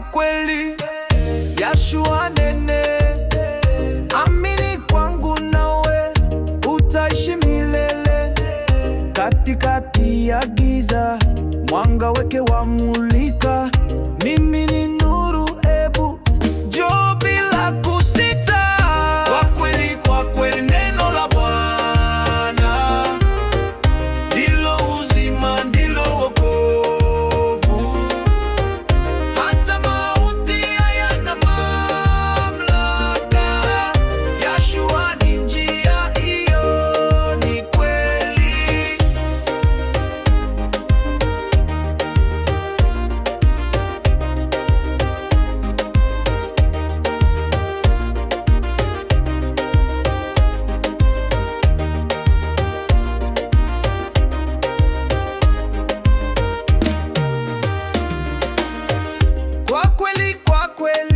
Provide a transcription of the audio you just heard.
kweli, Yashua nene, amini kwangu nawe utaishi milele. Katikati ya giza mwanga weke wamulika mimi quelli